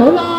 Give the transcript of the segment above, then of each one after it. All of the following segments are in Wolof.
la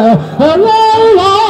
la la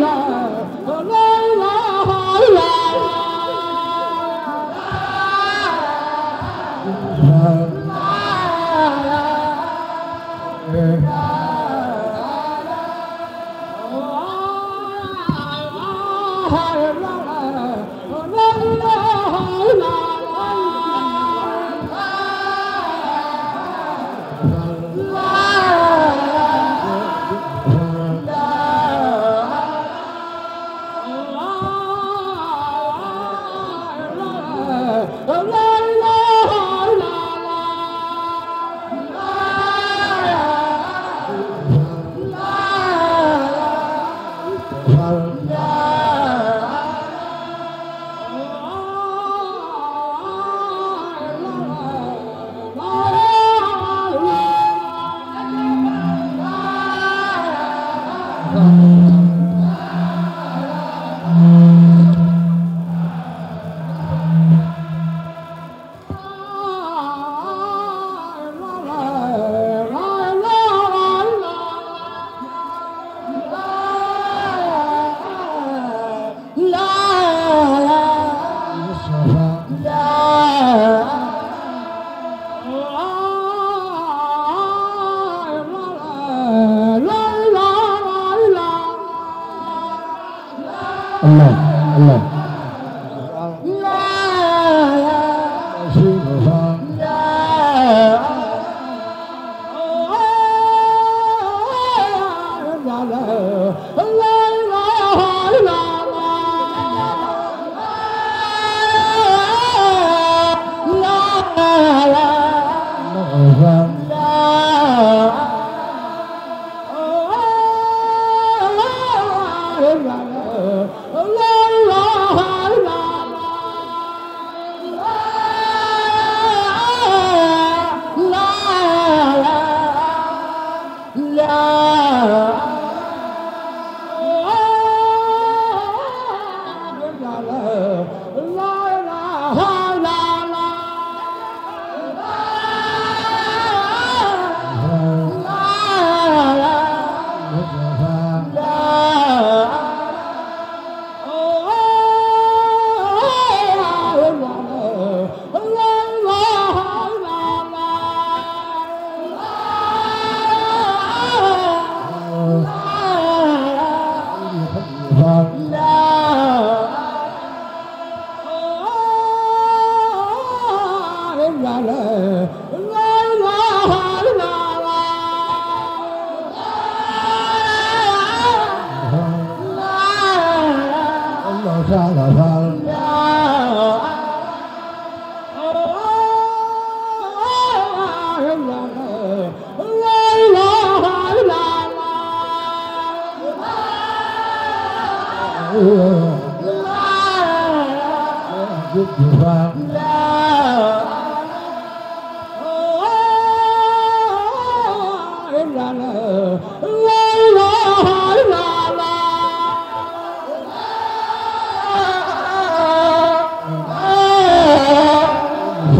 la la la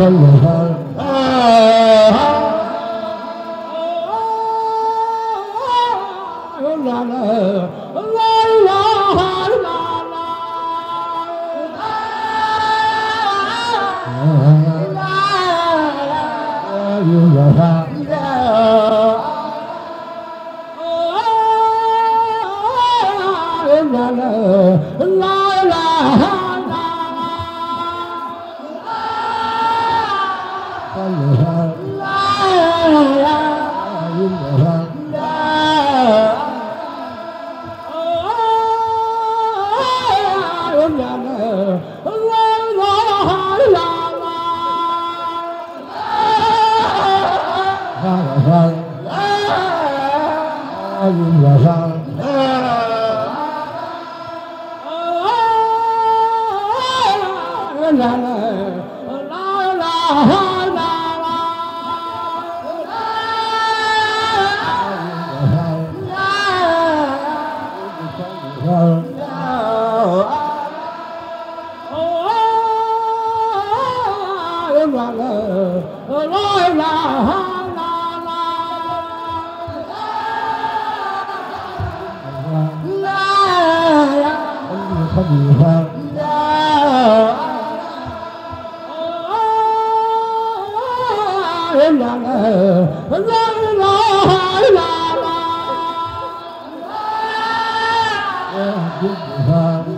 صلى الله Muhammad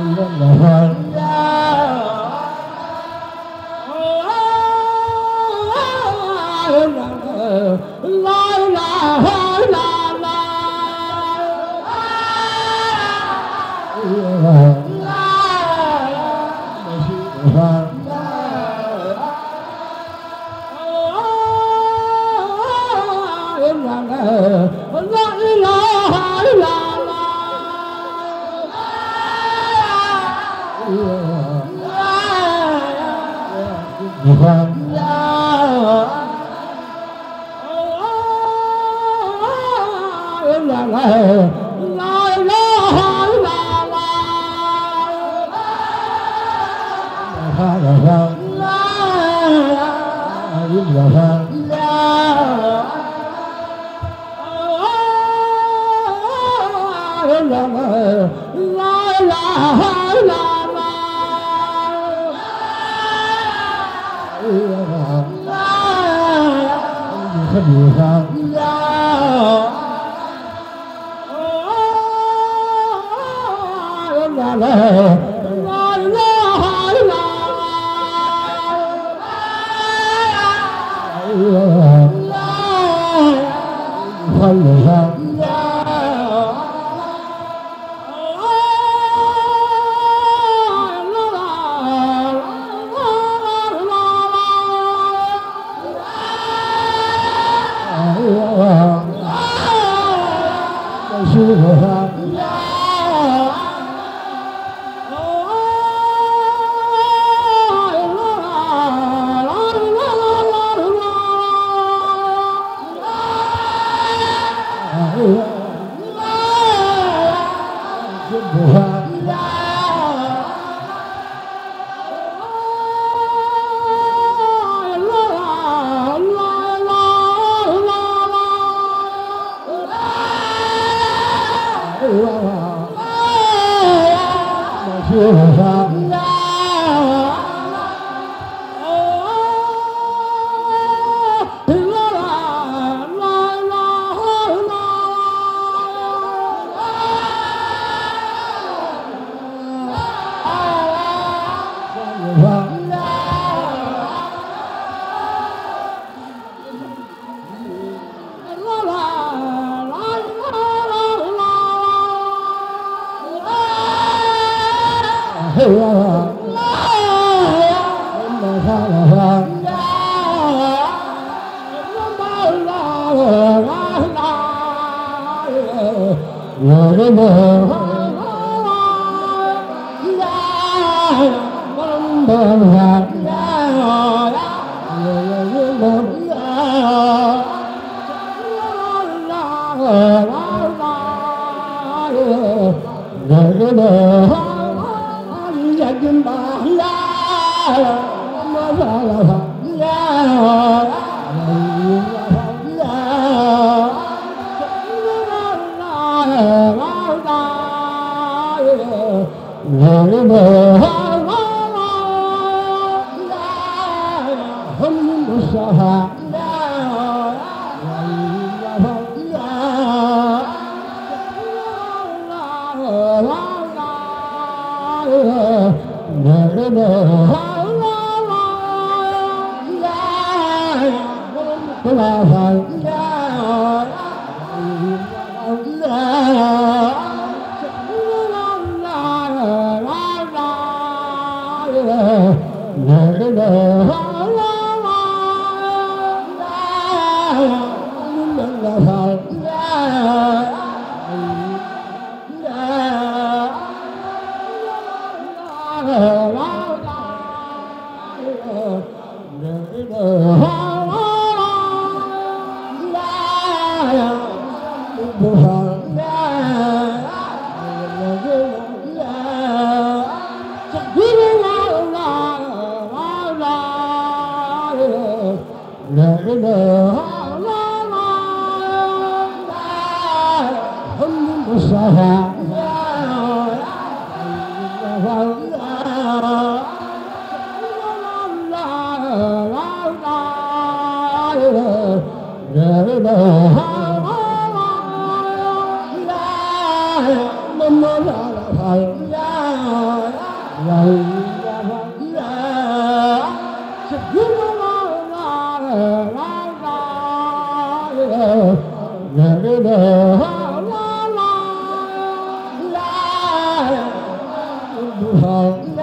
الله ضربها وراء هم المصطفى الحق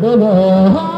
Lord.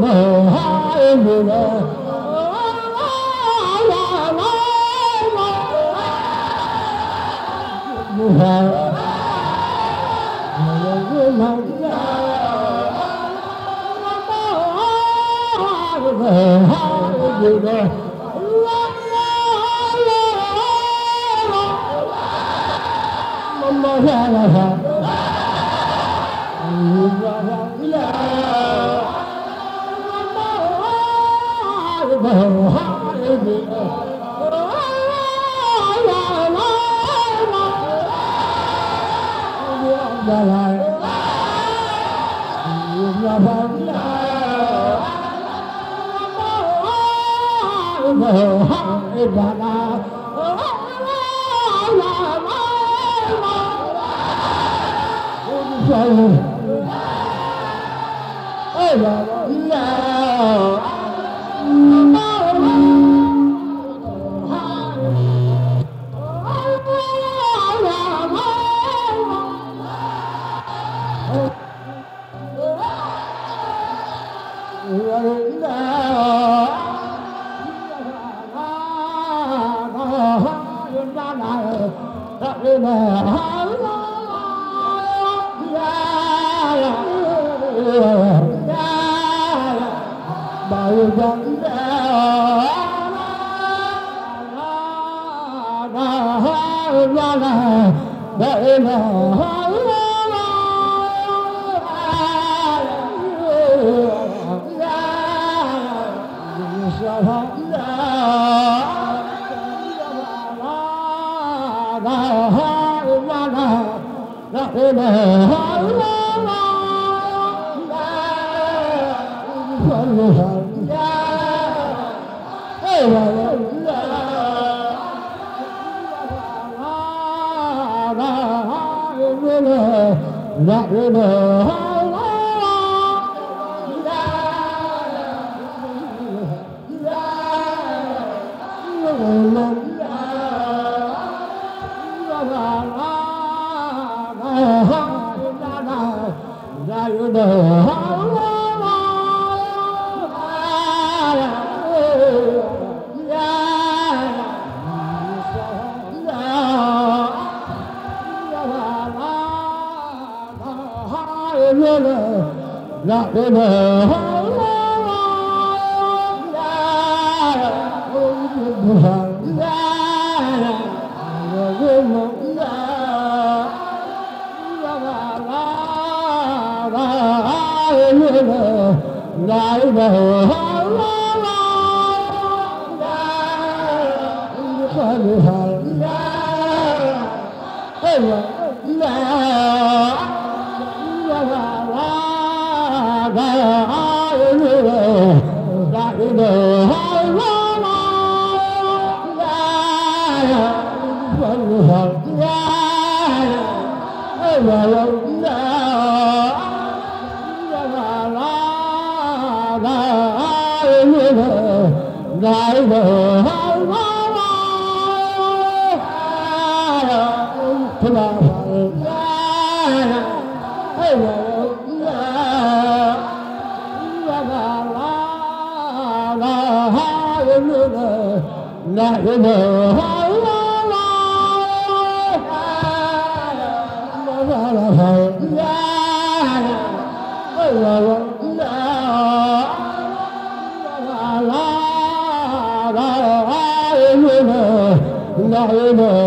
la la la ma la la la وعيدا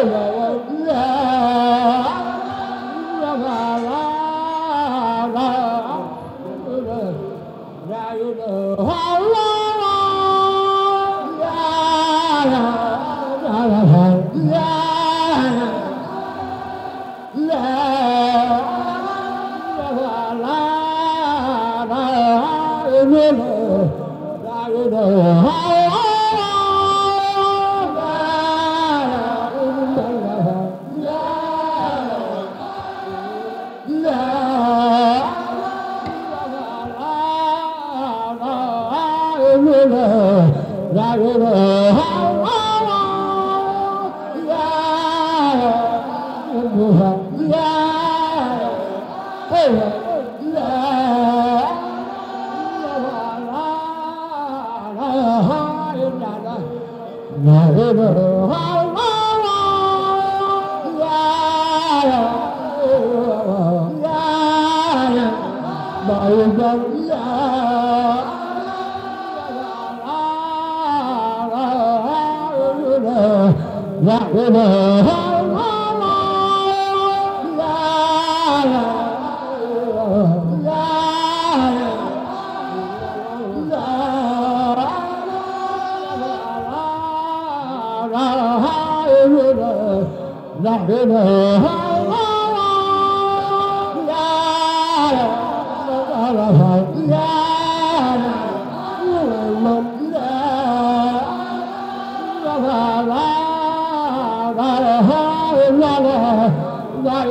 Hey!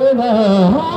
Amen.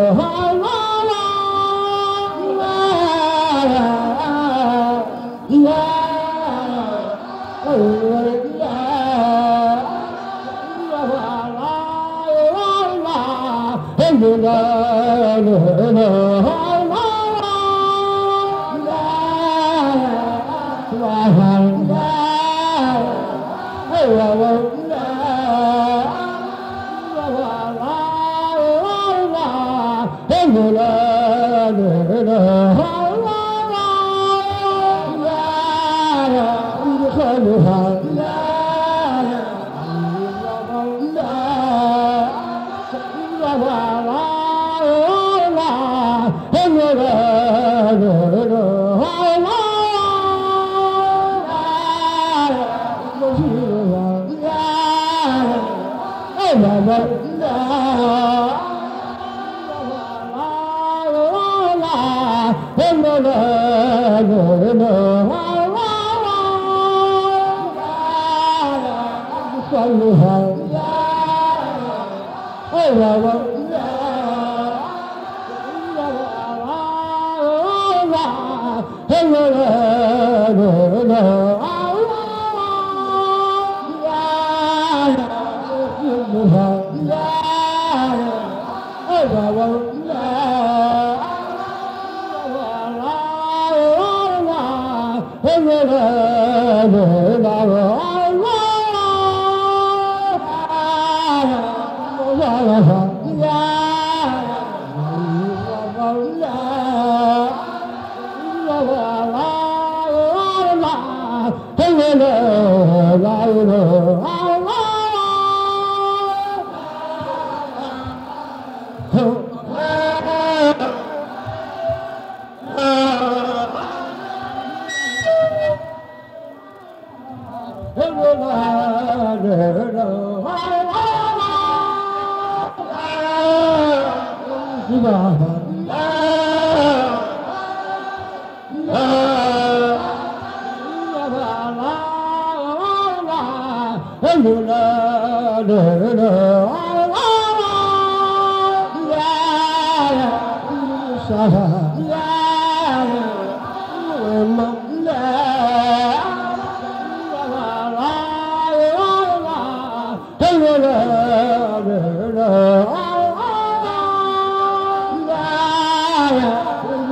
Wow, wow.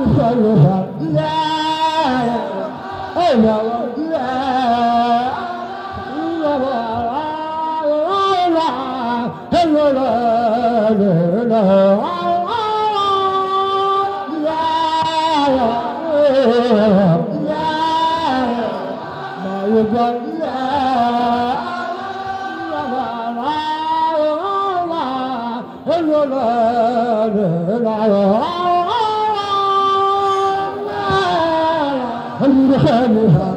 la la la la خالها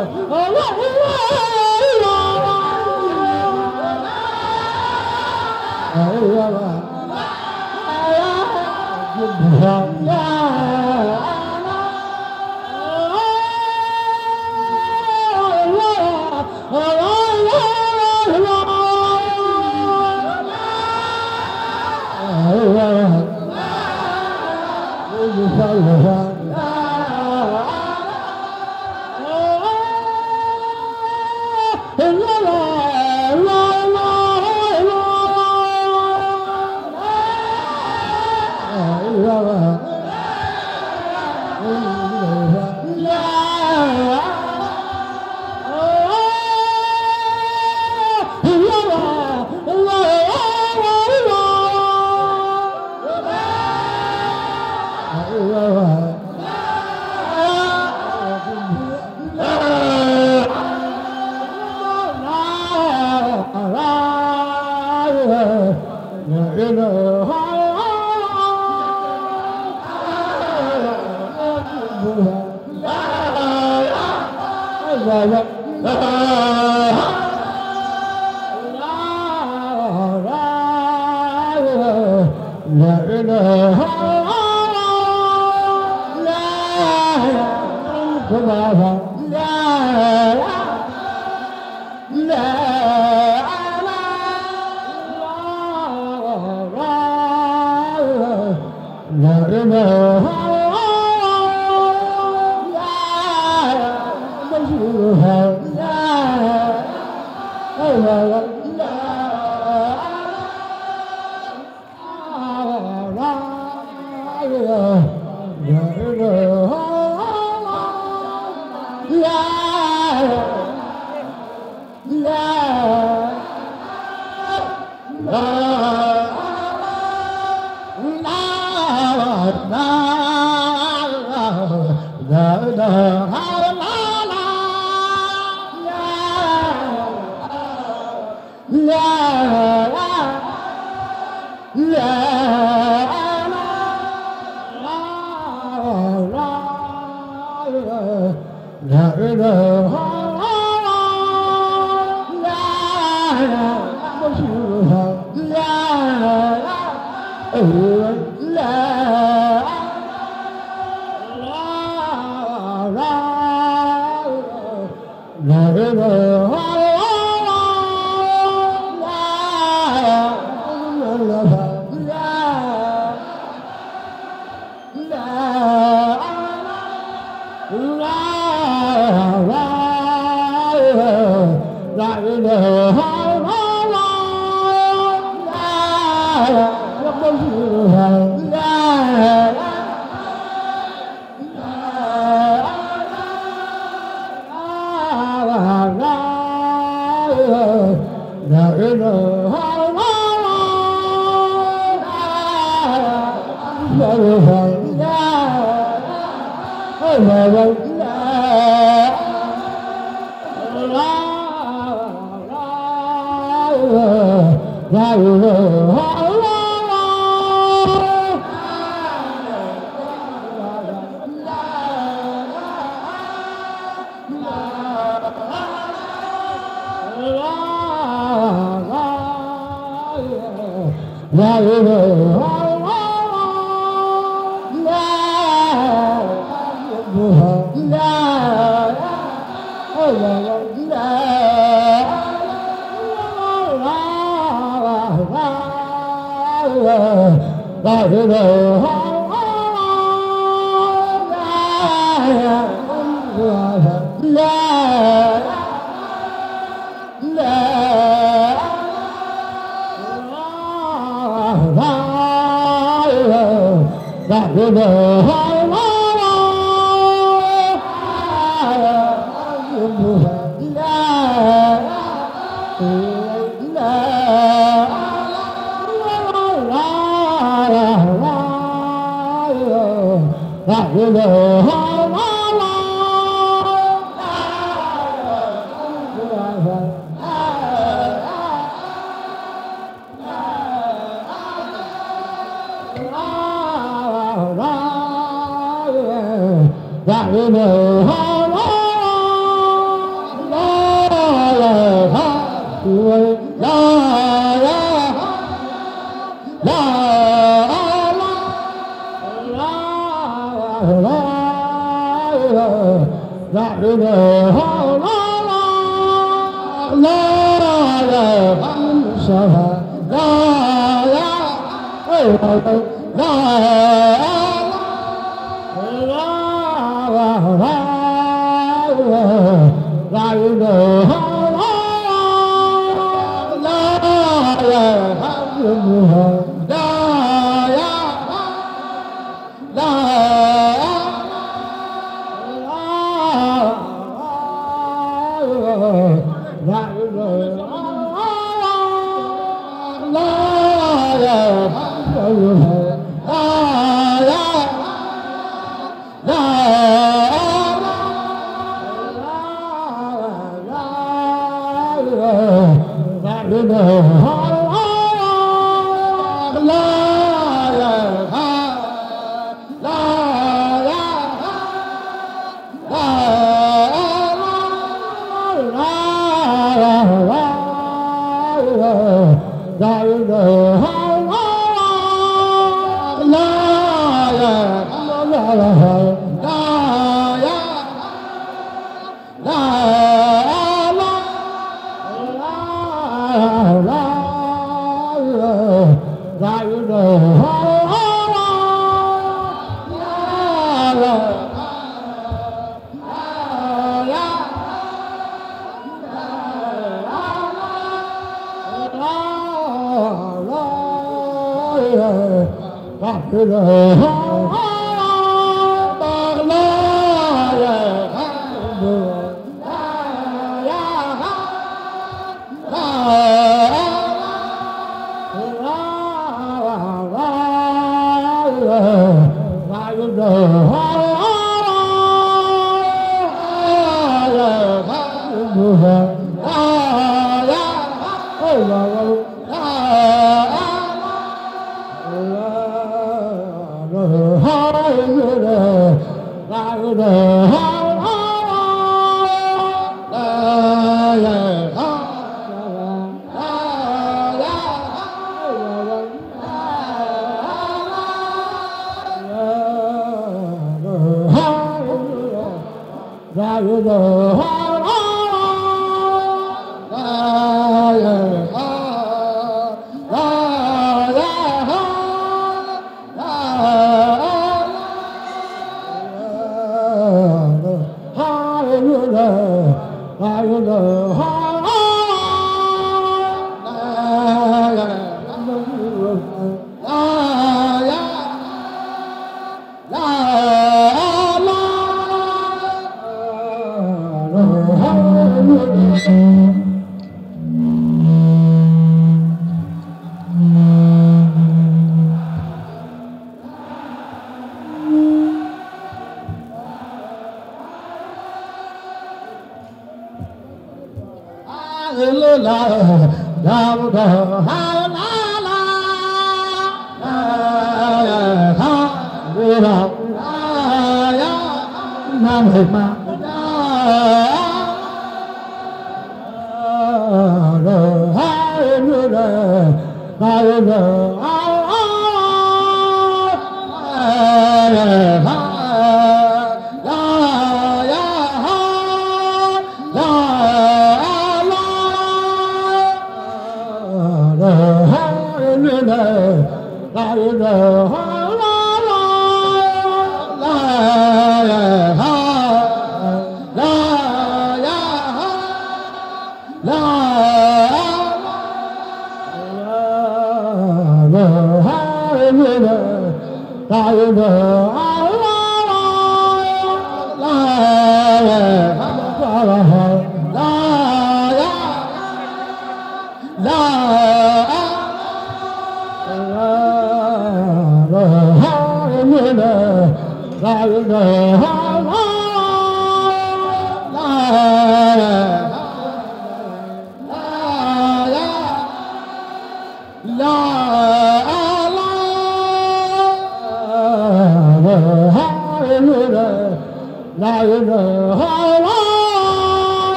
Oh, oh, oh, oh. la la la la la la la la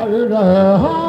لا إله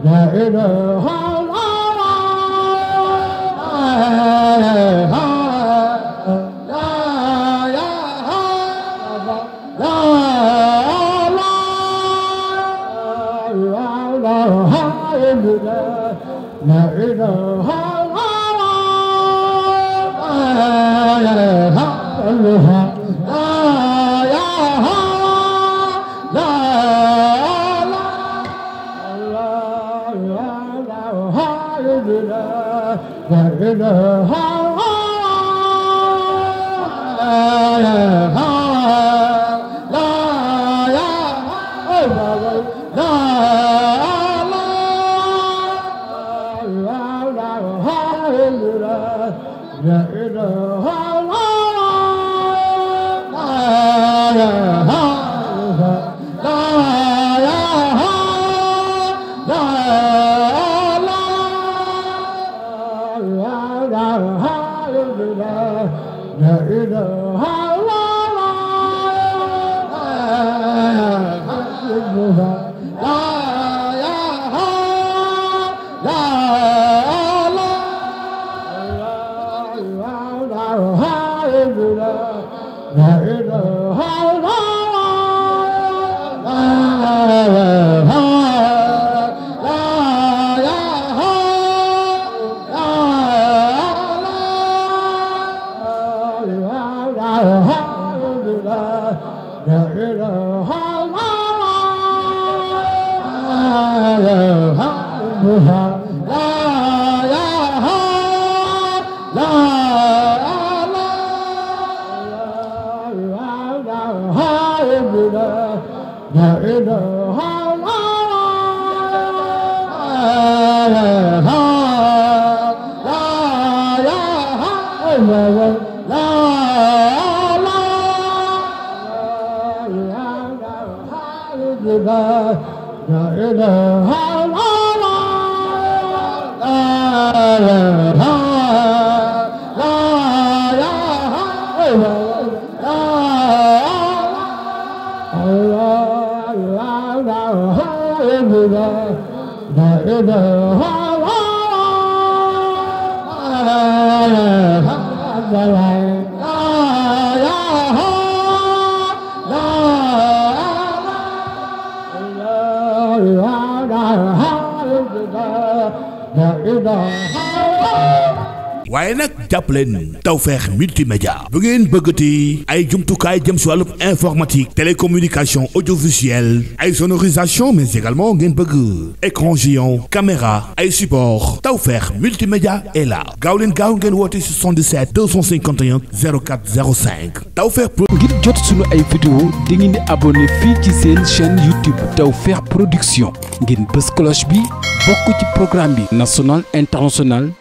لا إله jàpp leen Tawfekh multimédia bu ngeen bëggati ay jumtukaay jëm si wàllu informatique télécommunication audiovisuelle ay sonorisation mais également ngeen bëgg écran géant caméra ay support Tawfekh multimédia est là gaaw leen gaaw ngeen woote 77 251 04 05 Tawfekh ngir jot sunu ay vidéo di ngeen di abonné fii ci seen chaîne YouTube Tawfekh production ngeen bës cloche bi bokk ci programme bi national international